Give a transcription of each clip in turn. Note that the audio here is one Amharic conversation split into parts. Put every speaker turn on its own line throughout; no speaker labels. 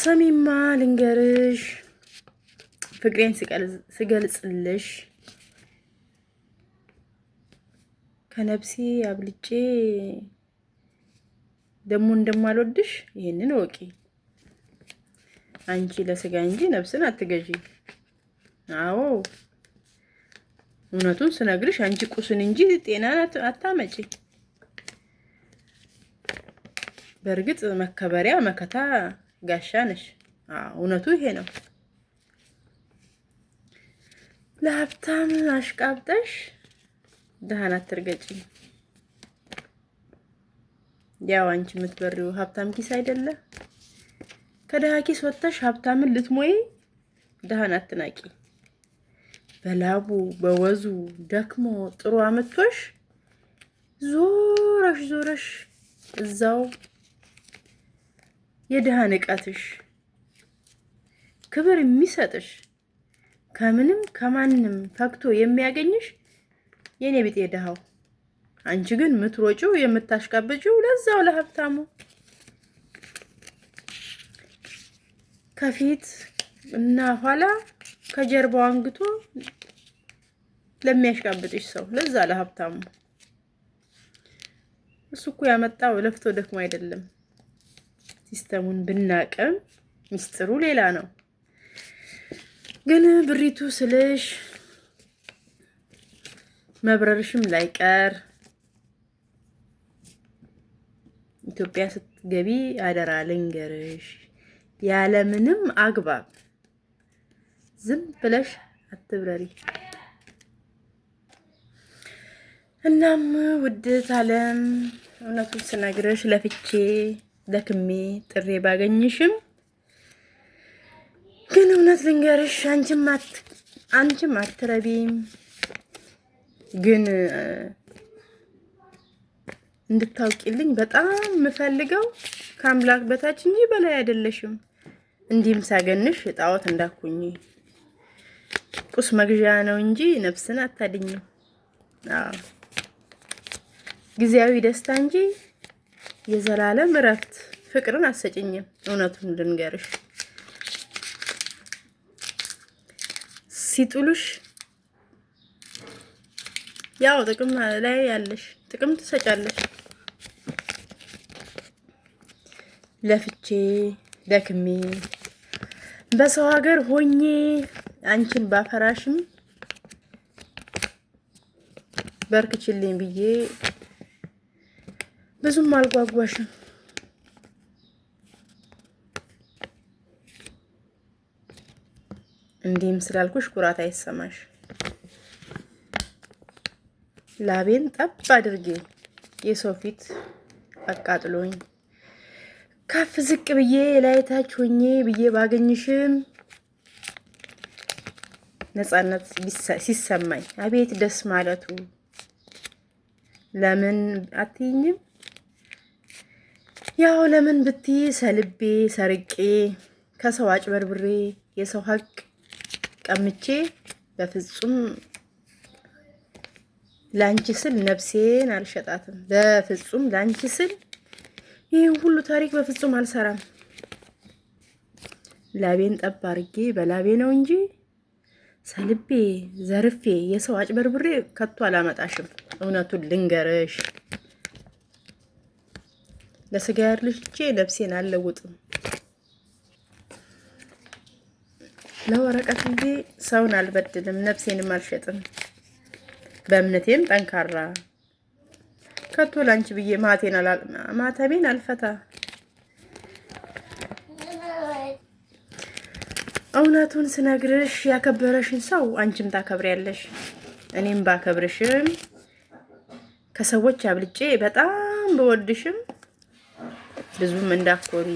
ሰሚማ ልንገርሽ ፍቅሬን ስገልጽልሽ ከነብሴ አብልጬ ደግሞ እንደማልወድሽ ይሄንን እወቂ። አንቺ ለስጋ እንጂ ነብስን አትገዢ። አዎ እውነቱን ስነግርሽ አንቺ ቁስን እንጂ ጤናን አታመጪ። በእርግጥ መከበሪያ መከታ ጋሻ ነሽ። እውነቱ ይሄ ነው። ለሀብታም አሽቃብጠሽ ደህና አትርገጪ። ያው አንቺ የምትበሪው ሀብታም ኪስ አይደለ? ከድሃ ኪስ ወጥተሽ ሀብታምን ልትሞይ ደሃን አትናቂ። በላቡ በወዙ ደክሞ ጥሩ አመቶሽ ዞረሽ ዞረሽ እዛው የድሃ ንቀትሽ ክብር የሚሰጥሽ ከምንም ከማንም ፈክቶ የሚያገኝሽ የኔ ቢጤ ድሃው። አንቺ ግን ምትሮጪው የምታሽቀብጪው ለዛው ለሀብታሙ ከፊት እና ኋላ ከጀርባው አንግቶ ለሚያሽቃብጥሽ ሰው ለዛ ለሀብታሙ። እሱ እኮ ያመጣው ለፍቶ ደክሞ አይደለም። ሲስተሙን ብናቀም ሚስጥሩ ሌላ ነው። ግን ብሪቱ ስልሽ መብረርሽም ላይቀር ኢትዮጵያ ስትገቢ አደራ ልንገርሽ፣ ያለምንም አግባብ ዝም ብለሽ አትብረሪ። እናም ውድት ዓለም እውነቱን ስነግርሽ ለፍቼ ደክሜ ጥሬ ባገኝሽም ግን እውነት ልንገርሽ አንቺም አትረቢም። ግን እንድታውቂልኝ በጣም የምፈልገው ከአምላክ በታች እንጂ በላይ አይደለሽም። እንዲህም ሳገንሽ ጣዖት እንዳኩኝ ቁስ መግዣ ነው እንጂ ነፍስን አታድኝም። ጊዜያዊ ደስታ እንጂ የዘላለም እረፍት ፍቅርን አሰጭኝም። እውነቱን ልንገርሽ ሲጥሉሽ ያው ጥቅም ላይ ያለሽ ጥቅም ትሰጫለሽ። ለፍቼ ደክሜ በሰው ሀገር ሆኜ አንቺን ባፈራሽም በርክችልኝ ብዬ ብዙም አልጓጓሽም። እንዲህም ስላልኩሽ ኩራት አይሰማሽ። ላቤን ጠብ አድርጌ የሰው ፊት አቃጥሎኝ ከፍ ዝቅ ብዬ ላይታች ሆኜ ብዬ ባገኝሽም ነጻነት ሲሰማኝ አቤት ደስ ማለቱ። ለምን አትይኝም? ያው ለምን ብትይ ሰልቤ ሰርቄ ከሰው አጭበርብሬ የሰው ሀቅ ቀምቼ በፍጹም ላንቺ ስል ነፍሴን አልሸጣትም። በፍጹም ላንቺ ስል ሁሉ ታሪክ በፍጹም አልሰራም። ላቤን ጠብ አርጌ በላቤ ነው እንጂ ሰልቤ ዘርፌ የሰው አጭበርብሬ ከቶ አላመጣሽም። እውነቱን ልንገርሽ ለስጋ ያልቼ ነፍሴን አልለውጥም። ለወረቀት እንጂ ሰውን አልበድልም፣ ነፍሴንም አልሸጥም። በእምነቴም ጠንካራ ከቶ ላንቺ ብዬ ማተቤን አልፈታ። እውነቱን ስነግርሽ ያከበረሽን ሰው አንቺም ታከብሪያለሽ፣ እኔም ባከብርሽም ከሰዎች አብልጬ በጣም በወድሽም ብዙም እንዳኮሪ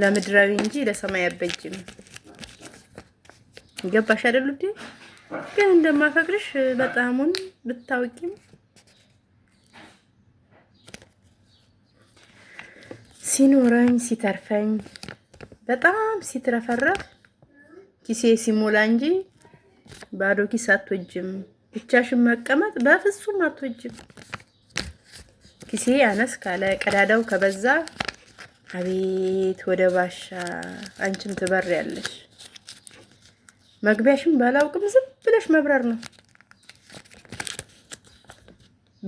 ለምድራዊ እንጂ ለሰማይ አበጅም። ገባሽ አይደል? ውዴ ግን እንደማፈቅርሽ በጣሙን ብታውቂም ሲኖረኝ ሲተርፈኝ በጣም ሲትረፈረፍ ኪሴ ሲሞላ እንጂ ባዶ ኪስ አትወጅም። ብቻሽን መቀመጥ በፍጹም አትወጅም። ኪሴ አነስ ካለ ቀዳዳው ከበዛ አቤት ወደ ባሻ አንቺም ትበር ያለሽ መግቢያሽም ባላውቅም ዝም ብለሽ መብረር ነው።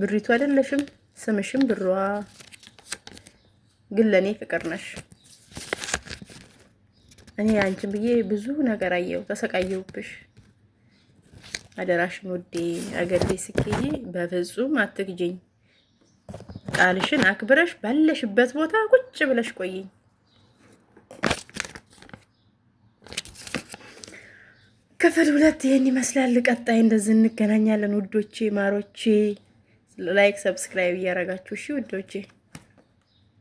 ብሪቱ አይደለሽም፣ ስምሽም ብሯ ግን ለእኔ ፍቅር ነሽ። እኔ አንቺን ብዬ ብዙ ነገር አየው ተሰቃየውብሽ አደራሽን ውዴ አገሬ ስኬዬ፣ በፍጹም አትግጅኝ። ቃልሽን አክብረሽ ባለሽበት ቦታ ቁጭ ብለሽ ቆይኝ። ክፍል ሁለት ይህን ይመስላል። ቀጣይ እንደዚህ እንገናኛለን ውዶቼ፣ ማሮቼ። ላይክ ሰብስክራይብ እያረጋችሁ እሺ ውዶቼ።